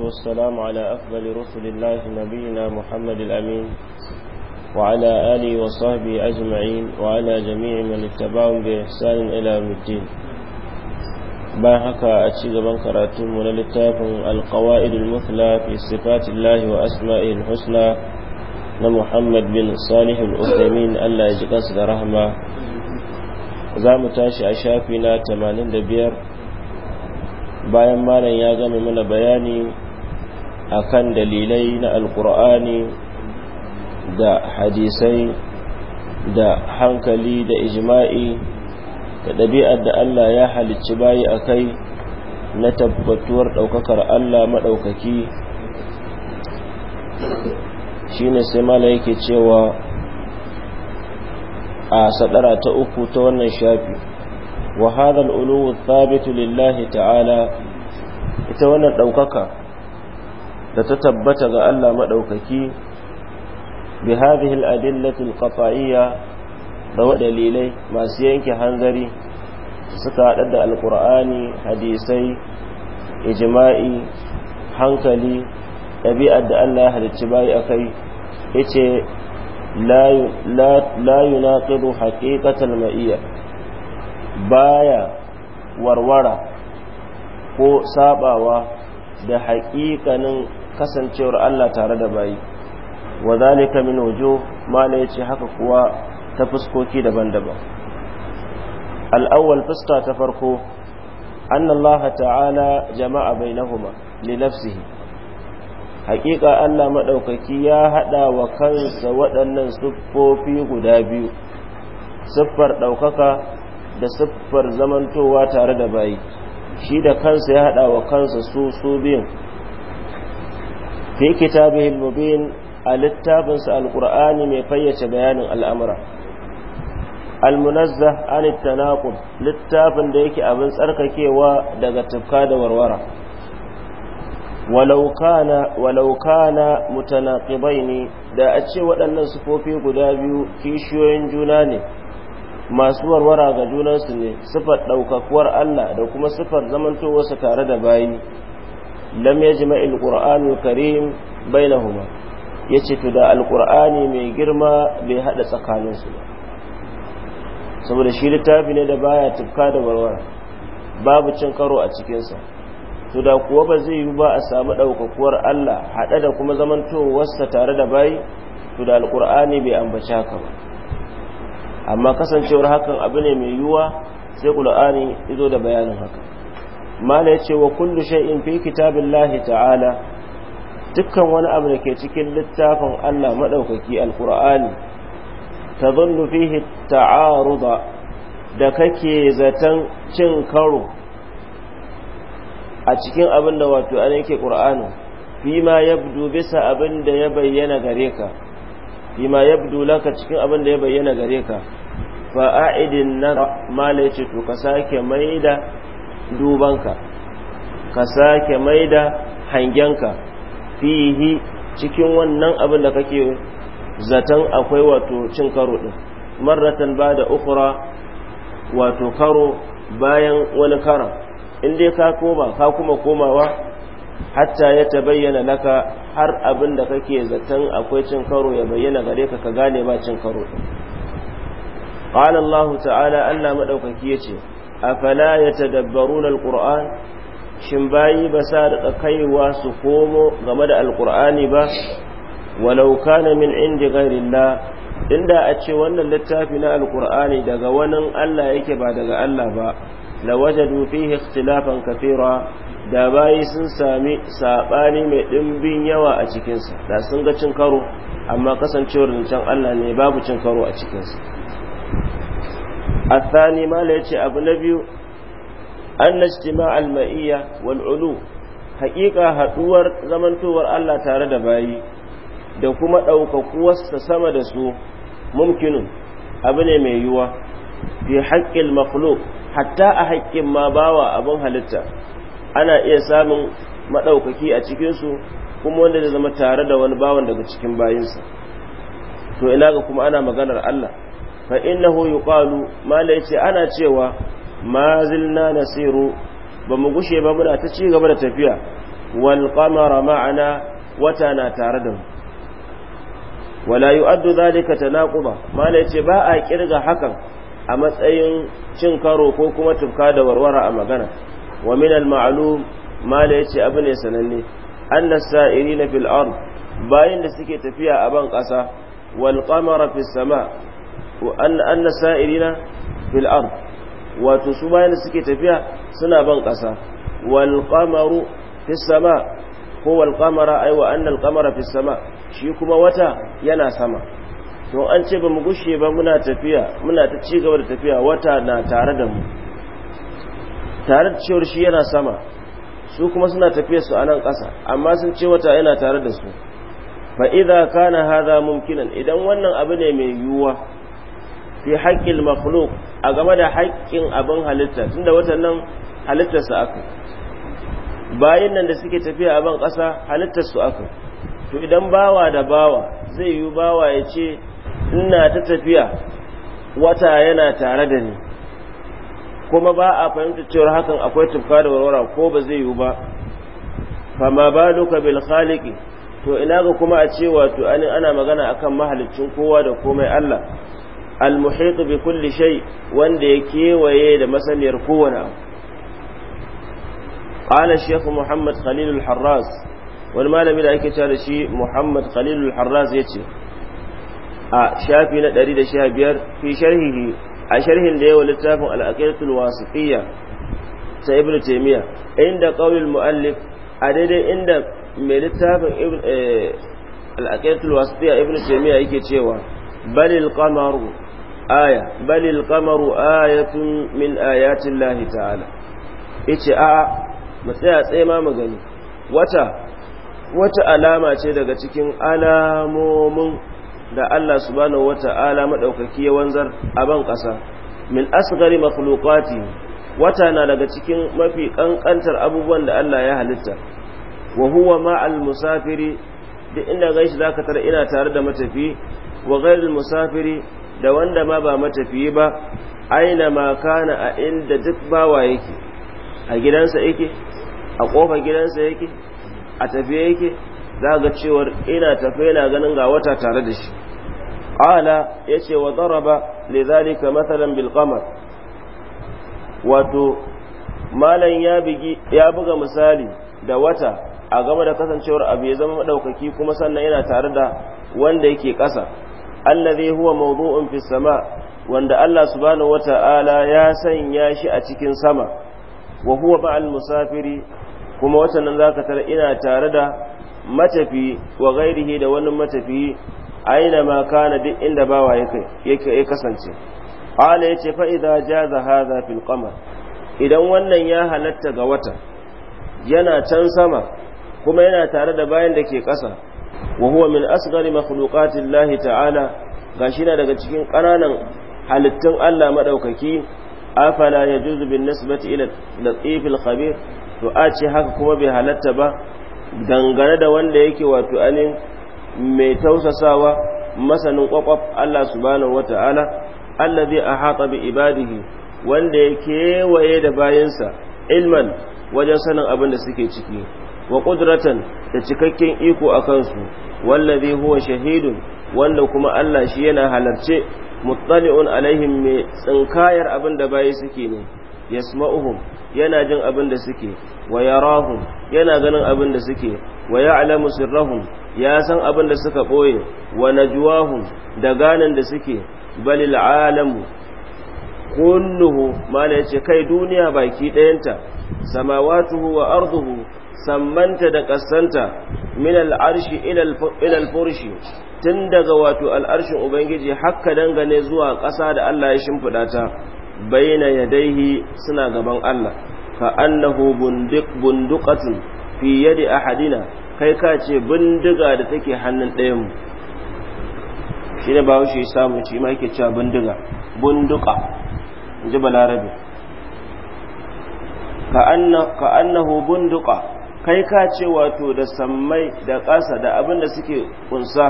والسلام على أفضل رسل الله نبينا محمد الأمين وعلى آله وصحبه أجمعين وعلى جميع من اتبعهم بإحسان إلى يوم الدين باحك أتشيغ من كراتم للتاف القوائد المثلى في صفات الله وأسمائه الحسنى لمحمد بن صالح الأثيمين ألا يجقص رحمة za mu tashi a shafi na 85 bayan malam ya gama mana bayani akan dalilai na alkur'ani da hadisai da hankali da ijma'i da ɗabi'ar da Allah ya halicci bayi a kai na tabbatuwar ɗaukakar Allah maɗaukaki shi ne sai mala yake cewa a sadara ta uku ta wannan shafi wa hadha al-ulu lillahi ta'ala ita wannan ɗaukaka da ta tabbata ga Allah maɗaukaki bi hadhihi al-adillati al-qat'iyya da dalilai masu yanke hanzari suka haɗa da al al-qur'ani hadisai ijma'i hankali ɗabi'ar da Allah ya halicci bai a kai la ce la yunaqidu haqiqatal ma'iyya baya warwara ko sabawa da haƙiƙanin kasancewar Allah tare da bayi wa zalika min wujuh mala yace haka kuwa ta fuskoki daban-daban al-awwal fuska ta farko anna Allah ta'ala jama'a bainahuma li nafsihi haƙiƙa Allah madaukaki ya hada wa kansa waɗannan siffofi guda biyu siffar ɗaukaka da siffar zamantowa tare da bayi shi da kansa ya hada wa kansa su su biyu fi kitabihil mubin a littafinsu alqur'ani mai fayyace bayanin al'amura almunazzah an tanaqub littafin da yake abin tsarkakewa daga tufka da warwara walau kana walau kana mutanaqibaini da a ce waɗannan sufofi guda biyu kishiyoyin juna ne masu warwara ga junansu ne sifar ɗaukakuwar Allah da kuma sifar zamantowarsa tare da bayi lam yajma al-qur'an al-karim bainahuma yace to da al-qur'ani mai girma bai hada tsakaninsu ba saboda shi littafi ne da baya tufka da warwara babu cin karo a cikinsa to da kuwa ba zai yi ba a samu ɗaukakuwar Allah haɗe da kuma zamantowarsa tare da bayi to da alƙur'ani bai ambaci haka ba amma kasancewar hakan abu ne mai yiwuwa sai ƙul'ani izo da bayanin haka mala yace wa kullu shay'in fi kitabillahi ta'ala dukkan wani abu da ke cikin littafin Allah madaukaki alqur'ani tadhunnu fihi ta'aruda da kake zaton cin karo a cikin abin da wato an yake qur'ani fi ma yabdu bisa abin da ya bayyana gare ka fi ma yabdu laka cikin abin da ya bayyana gare ka fa'a'idin na mala yace to ka sake maida dubanka ka sake mai maida hangenka fihi cikin wannan abin da kake zaton akwai wato cin karo din marratan ba da ukura wato karo bayan wani karan dai ka koma ka kuma komawa hatta ya tabayyana bayyana laka har abin da kake zaton akwai cin karo ya bayyana gare ka ka gane ba cin karo din qala allah ta'ala allah madaukaki yace afala yatadabbaruna alquran shin bayi ba sa da kaiwa su komo game da alqur'ani ba Walauka na min indi inda a ce wannan littafi na alkur'ani daga wani Allah yake ba daga Allah ba lawajadu fihi ikhtilafan kathira da bayi sun sami sabani mai dimbin yawa a cikinsa da sun ga cin karo amma kasancewar zancen Allah ne babu cin karo a cikinsa الثاني ما ليتي أبو نبي أن اجتماع المئية والعلو حقيقة هدور زمن تور ألا تارد باي da kuma ɗaukakuwarsa sama da su mumkinin abu ne mai yiwuwa fi haƙƙin makhluk hatta a haƙƙin ma bawa abin halitta ana iya samun maɗaukaki a cikinsu kuma wanda zai zama tare da wani bawan daga cikin bayinsa to ina ga kuma ana maganar Allah fa innahu yuqalu mala ce ana cewa ma zilna nasiru ba gushe ba muna ta ci gaba da tafiya wal qamara ma'ana wata na tare da mu wala yu'addu dhalika tanaquba mala ce ba a kirga hakan a matsayin cin karo ko kuma tufka da warwara a magana wa min al ma'lum abu ne sananne anna sa'irina fil ard bayin da suke tafiya a ban kasa wal qamara fis sama' anna sa'irina fil ard wato su bayan da suke tafiya suna ban kasa wal qamaru fis sama ko wal qamara ay wa anna al qamara fis sama shi kuma wata yana sama to an ce ba mu gushe ba muna tafiya muna ta ci gaba da tafiya wata na tare da mu tare da cewar shi yana sama su kuma suna tafiya su a nan amma sun ce wata yana tare da su fa idza kana hadha mumkinan idan wannan abu ne mai yiwuwa fi haƙƙin makhluk a game da haƙƙin abin halitta da watan nan halittarsu aka bayan nan da suke tafiya a ban ƙasa halittarsu aka to idan bawa da bawa zai yi bawa ya ce ina ta tafiya wata yana tare da ni kuma ba a fahimta cewar hakan akwai tufka da warwara ko ba zai yi ba fama ba duka bil khaliki to ina ga kuma a ce wato ana magana akan mahaliccin kowa da komai Allah al-muhitu bi kulli shay wanda ya kewaye da masaniyar kowane abu qala shaykh muhammad khalil al wani malami da ake cewa da shi muhammad khalil al-harraz yace a shafi na 115 fi sharhihi a sharhin da yawa littafin al-aqidatul wasifiyya ta ibnu taymiya inda qaulul muallif a daidai inda mai littafin eh, al-aqidatul wasifiyya ibnu taymiya yake cewa balil qamaru aya balil kamaru ayatun min ayatin lahi ta'ala ice a mu tsaye ma mu gani wata wata alama ce daga cikin alamomin da Allah subhanahu ala maɗaukaki ya wanzar a ban ƙasa. min askari makhluqati wata na daga cikin mafi ƙanƙantar abubuwan da Allah ya halitta wa huwa musafiri duk inda gan shi zaka tara ina tare da matafi wa ghairul musafiri da wanda ma ba matafiyi ba aina ma kana a inda duk bawa yake a gidansa yake a kofa gidansa yake a tafiye yake za ga cewar ina tafe na ganin ga wata tare da shi qala yace wa daraba lidhalika mathalan bil qamar wato malan ya buga misali da wata a game da kasancewar abu ya zama madaukaki kuma sannan yana tare da wanda yake ƙasa allazi huwa mawdu'un fis sama wanda Allah subhanahu wata'ala ya sanya shi a cikin sama wa huwa ma'al musafiri kuma wata nan zaka tara ina tare da matafi wa ghairihi da wani matafi aina ma kana duk inda bawa yake yake ya kasance ala yace fa idza jaza hadha fil qamar idan wannan ya halatta ga wata yana can sama kuma yana tare da bayan da ke ƙasa wa huwa min asghari makhluqatillahi ta'ala gashi na daga cikin ƙananan halittun Allah madaukaki afala yajuzu bin nisbati ila latifil khabir to a ce haka kuma bai halatta ba dangane da wanda yake wato anin mai tausasawa masanin kwakwaf Allah subhanahu wata'ala allazi ahata bi ibadihi wanda ya waye da bayansa ilman wajen sanin abin da suke ciki wa ƙudratan da cikakken iko a kansu wallazi huwa shahidun wanda kuma Allah shi yana halarce muttali'un alaihim mai tsinkayar abin da bayi suke ne yasma'uhum yana jin abin da suke wa yarahum yana ganin abin da suke wa ya'lamu sirrahum ya san abin da suka boye wa najwahum da ganin da suke balil alam kulluhu mala yace kai duniya baki dayanta samawatuhu wa arduhu sammanta da kasanta min al'arshi ila al-furshi tun daga wato al'arshin ubangiji hakka dangane zuwa ƙasa da Allah ya shimfiɗa ta bayyana yadaihi suna gaban Allah ka annahu bundik bunduqatin fi yadi ahadina kai ka ce bindiga da take hannun ɗayan mu shine ba shi samu ci ma yake cewa bindiga bunduka ka annahu bunduka kai ka ce wato da sammai da ƙasa da abin da suke kunsa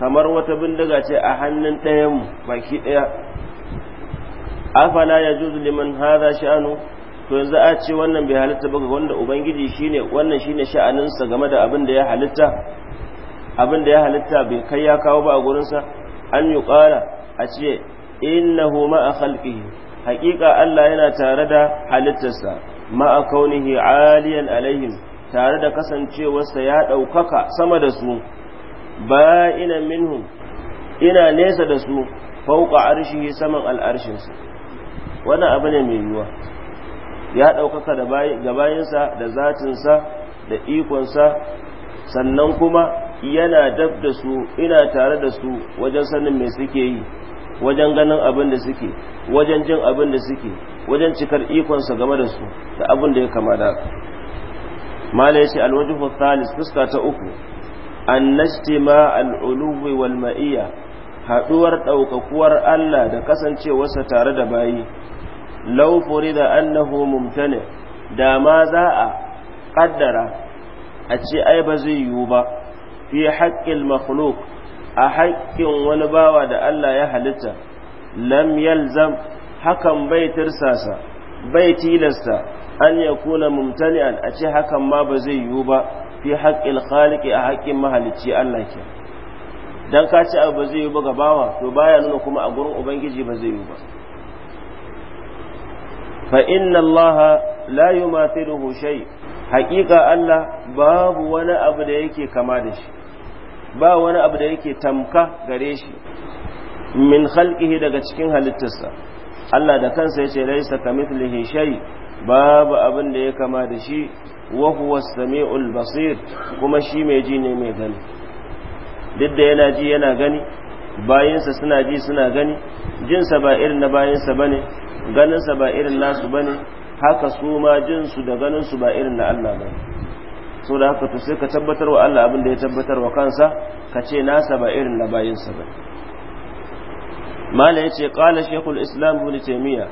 kamar wata bindiga ce a hannun ɗayan baki ɗaya afala ya juzu liman haza sha'anu to yanzu a ce wannan bai halitta ba wanda ubangiji shine wannan shine sha'aninsa game da abin da ya halitta abin da ya halitta bai kai ya kawo ba a gurinsa an yi ƙara a ce innahu ma'a khalqihi Hakika Allah yana tare da halittarsa ma'a kaunihi aliyan alaihim tare da kasancewarsa ya ɗaukaka sama da su ba ina minhum ina nesa da su fauka arshi saman su, wannan abu ne mai yiwuwa ya ɗaukaka ga bayansa da zatinsa da ikonsa sannan kuma yana dab da su ina tare da su wajen sanin mai suke yi wajen ganin abin da suke wajen jin abin da suke wajen cikar ikonsa game da su da abin da ya kama da mala yace alwajhu thalis fuska ta uku annastima najtima al'uluwi wal haduwar daukakuwar Allah da kasancewarsa tare da bayi law furida annahu mumtani da ma za a kaddara a ce ai ba zai yiwu ba fi haqqil makhluq a haƙƙin wani bawa da Allah ya halitta lam yalzam hakan bai tirsasa bai tilasta an ya kuna mumtani'an a ce hakan ma ba zai yiwu ba fi haƙƙin khaliƙi a haƙƙin mahalicci Allah ke dan ka ci abu ba zai yiwu ba ga bawa to baya nuna kuma a gurin ubangiji ba zai yiwu ba fa inna Allah la yumathiluhu shay haƙiƙa Allah babu wani abu da yake kama da shi ba wani abu da yake tamka gare shi min khalqihi daga cikin halittarsa Allah da kansa yace laisa kamithlihi shay' babu abin da ya kama da shi wa huwa sami'ul basir kuma shi mai ji ne mai gani duk da yana ji yana gani bayansa suna ji suna gani jinsa ba irin na bayansa bane ganinsa ba irin nasu bane haka su ma jinsu da ganinsu ba irin na Allah bane so da haka to sai ka tabbatar wa Allah abin da ya tabbatar wa kansa ka ce nasa ba irin na bayansa bane mala yace qala shaykhul islam ibn taymiya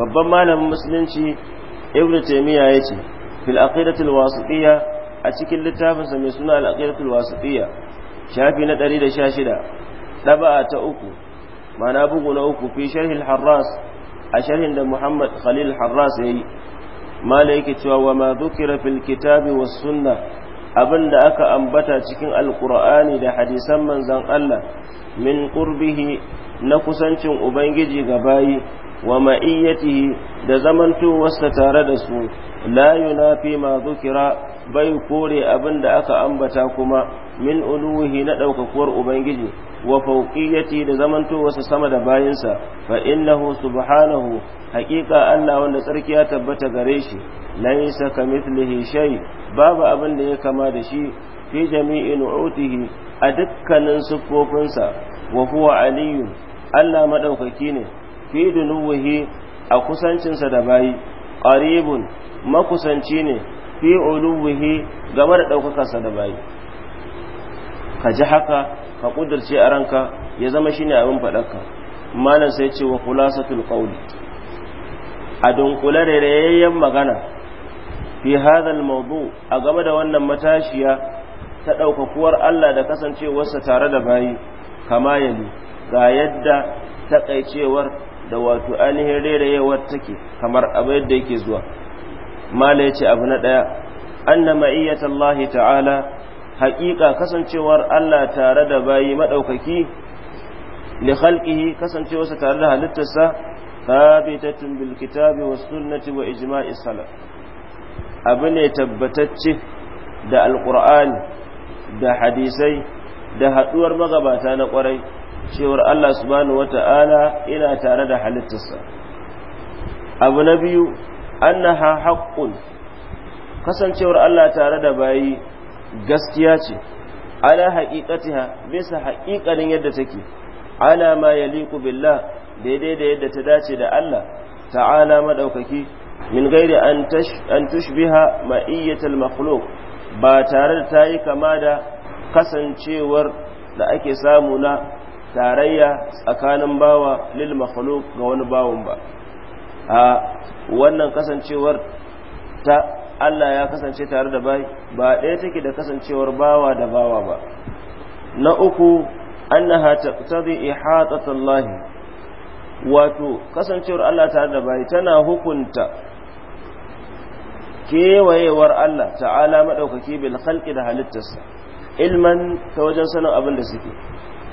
babban malamin musulunci ibn taymiya yace fil aqidatil wasitiyya a cikin littafinsa mai suna al aqidatul wasitiyya shafi na 116 daba'a ta uku mana bugu na uku fi sharh al a sharhin da Muhammad Khalil Harras yayi mala yake cewa wa ma dhukira fil kitabi was sunnah abinda aka ambata cikin alqur'ani da hadisan manzon Allah min qurbihi na kusancin ubangiji ga bayi wa ma'iyyatihi da zamantowarsa tare da su la yunafi ma zukira bai kore abin da aka ambata kuma min uluhi na ɗaukakuwar ubangiji wa fauqiyati da zamantowarsa sama da bayinsa fa innahu subhanahu haƙiƙa Allah wanda tsarkiya ya tabbata gare shi laysa kamithlihi shay babu abin da ya kama da shi fi jami'i nu'utihi a dukkanin siffofinsa wa huwa aliyu Allah madaukaki ne fi dunuwuhi a kusancinsa da bayi qaribun makusanci ne fi uluwihi game da ɗaukakarsa da bayi ka ji haka ka ƙudurce a ranka ya zama shine abin faɗarka malam sai ce wa khulasatul qawli a dunkule da rayayyen magana fi hadhal mawdu a game da wannan matashiya ta ɗaukakuwar Allah da kasancewarsa tare da bayi kama yali ga yadda taƙaicewar da wato ainihin rerayewar take kamar abin da yake zuwa mala ya ce abu na ɗaya anna ma'iyyatallahi ta'ala haƙiƙa kasancewar Allah tare da bayi maɗaukaki li khalqihi kasancewarsa tare da halittarsa thabitatun bil kitabi was sunnati wa ijma'i salaf abu ne tabbatacce da alqur'ani da hadisai da haɗuwar magabata na ƙwarai cewar Allah subhanahu wata'ala ina tare da halittarsa abu na biyu annaha haqqun kasancewar Allah tare da bayi gaskiya ce ala haqiqatiha bisa haqiqanin yadda take ala ma yaliqu billah daidai da yadda ta dace da Allah ta'ala madaukaki min gairi an tushbiha ma'iyyatal makhluq ba tare da tayi kama da kasancewar da ake samu na tarayya tsakanin bawa lil makhluk ga wani bawon ba a wannan kasancewar ta Allah ya kasance tare da bai ba ɗaya take da kasancewar bawa da bawa ba na uku annaha taqtadi ihatatallahi wato kasancewar Allah tare da bai tana hukunta kewayewar Allah ta'ala maɗaukaki bil khalqi da halittarsa ilman ta wajen sanin abin da suke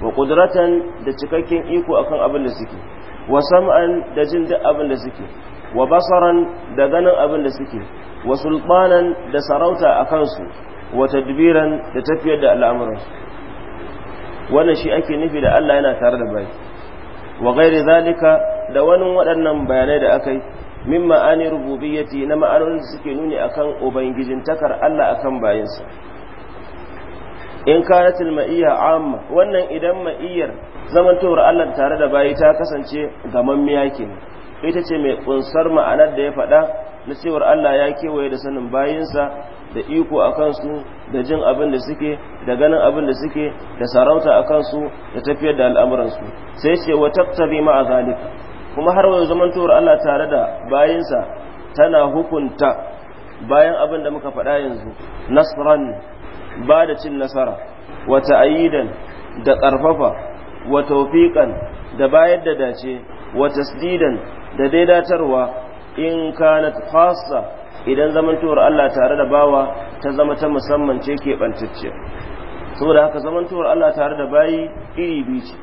wa ƙudratan da cikakken iko akan abin da suke wa sam'an da jin duk abin da suke wa basaran da ganin abin da suke wa sulbanan da sarauta a kansu wa tadbiran da tafiyar da al'amuran. wannan shi ake nufi da Allah yana tare da bai wa gairi zalika da wani waɗannan bayanai da aka yi min ma'ani rububiyyati na ma'anonin da suke nuni akan ubangijin takar Allah akan bayinsa in kanatil ma'iyya amma wannan idan ma'iyyar zamantowar Allah tare da bayi ta kasance miya ke ita ce mai kunsar ma'anar da ya faɗa na cewar Allah ya kewaye da sanin bayinsa da iko a kansu da jin abin da suke da ganin abin da suke da sarauta a kansu da tafiyar da al'amuransu sai ce wa tattabi ma'a zalika kuma har wa zamantowar Allah tare da bayinsa tana hukunta bayan abin da muka faɗa yanzu nasran ba da cin nasara wa ta'ayidan da ƙarfafa wa tawfiqan da bayar da dace wa tasdidan da daidatarwa in kana khassa idan zamantowar Allah tare da bawa ta zama ta musamman ce ke bantacce saboda haka zamantowar Allah tare da bayi iri biyu ce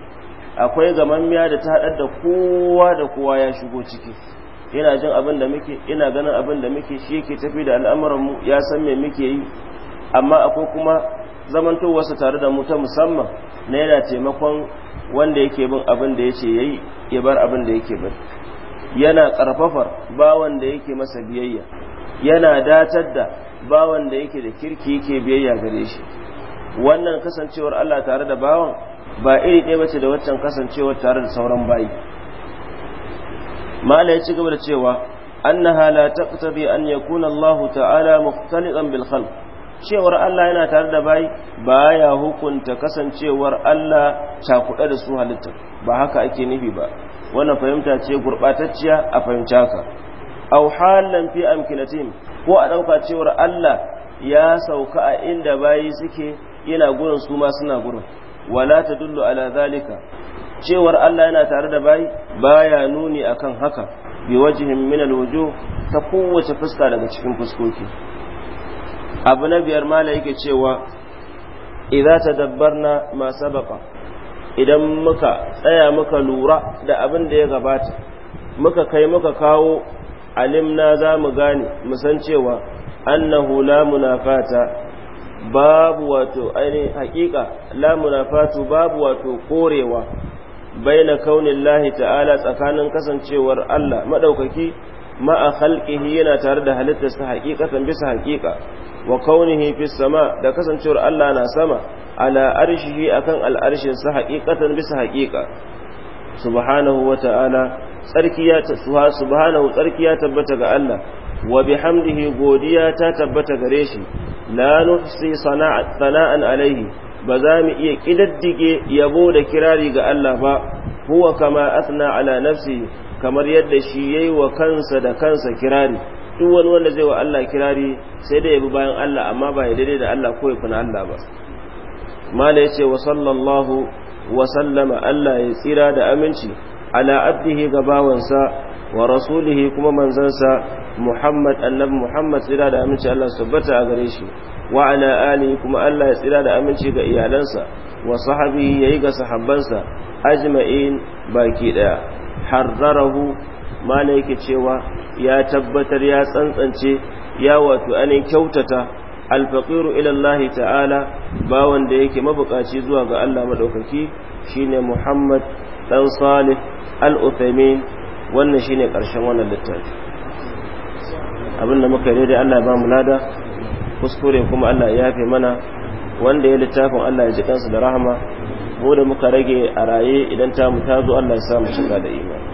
akwai gamammiya da ta haɗar da kowa da kowa ya shigo ciki yana jin abin da muke ina ganin abin da muke shi yake tafi da al'amuranmu ya san me muke yi amma akwai kuma zamantowarsa tare da mu ta musamman na yana taimakon wanda yake bin abin da ya ce ya yi ya bar abin da yake bin yana ƙarfafar bawan da yake masa biyayya yana datar da bawan da yake da kirki yake biyayya gare shi wannan kasancewar Allah tare da bawan ba iri ɗaya bace da waccan kasancewar tare da sauran bayi mala ya ci gaba da cewa annaha la taqtabi an yakuna Allah ta'ala mukhtalitan bil khalq cewar Allah yana tare da bayi ya hukunta kasancewar Allah cakuɗa da su halitta ba haka ake nufi ba wannan fahimta ce gurɓatacciya a fahimta ka au halan fi amkilatin ko a ɗauka cewar Allah ya sauka a inda bayi suke yana gurin su ma suna gurin wala dullu ala zalika cewar Allah yana tare da bayi baya nuni akan haka bi wajihin min wujuh ta kowace fuska daga cikin fuskoki abu na biyar mala yake cewa idza tadabbarna ma sabaqa idan muka tsaya muka lura da abin da ya gabata muka kai muka kawo alimna za mu gane musan cewa annahu la munafata babu wato aini hakika la munafatu babu wato korewa baina kaunin lahi ta'ala tsakanin kasancewar Allah maɗaukaki a halƙihi yana tare da halittarsa haƙiƙatan bisa haƙiƙa wa kaunihi fi sama da kasancewar Allah na sama ala arshihi akan al'arshin sa haqiqatan bisa haqiqa subhanahu wa ta'ala tsarkiya ta subhanahu tsarkiya tabbata ga Allah wa bihamdihi godiya ta tabbata gare shi la sana'at sana'an alaihi ba za mu iya kidaddige yabo da kirari ga Allah ba huwa kama athna ala nafsi kamar yadda shi yayi wa kansa da kansa kirari duk wani wanda zai wa Allah kirari sai da bi bayan Allah amma ba ya daidai da Allah ko ya kuna Allah ba mala yace wa sallallahu wa sallama Allah ya tsira da aminci ala abdihi ga bawansa wa rasulihi kuma manzansa Muhammad annabi Muhammad tsira da aminci Allah bata a gare shi wa ala alihi kuma Allah ya tsira da aminci ga iyalansa wa sahabihi yayi ga sahabbansa ajma'in baki daya harzarahu mala yake cewa ya tabbatar ya tsantsance ya wato anin kyautata alfaqiru ila Allah ta'ala ba wanda yake mabukaci zuwa ga Allah madaukaki shine Muhammad dan Salih al-Uthaymin wannan shine karshen wannan littafi abinda muka yi dai-dai Allah ba mu lada kuskure kuma Allah ya yafe mana wanda ya littafin Allah ya ji kansa da rahama mu da muka rage a raye idan ta mu ta Allah ya sa mu shiga da imani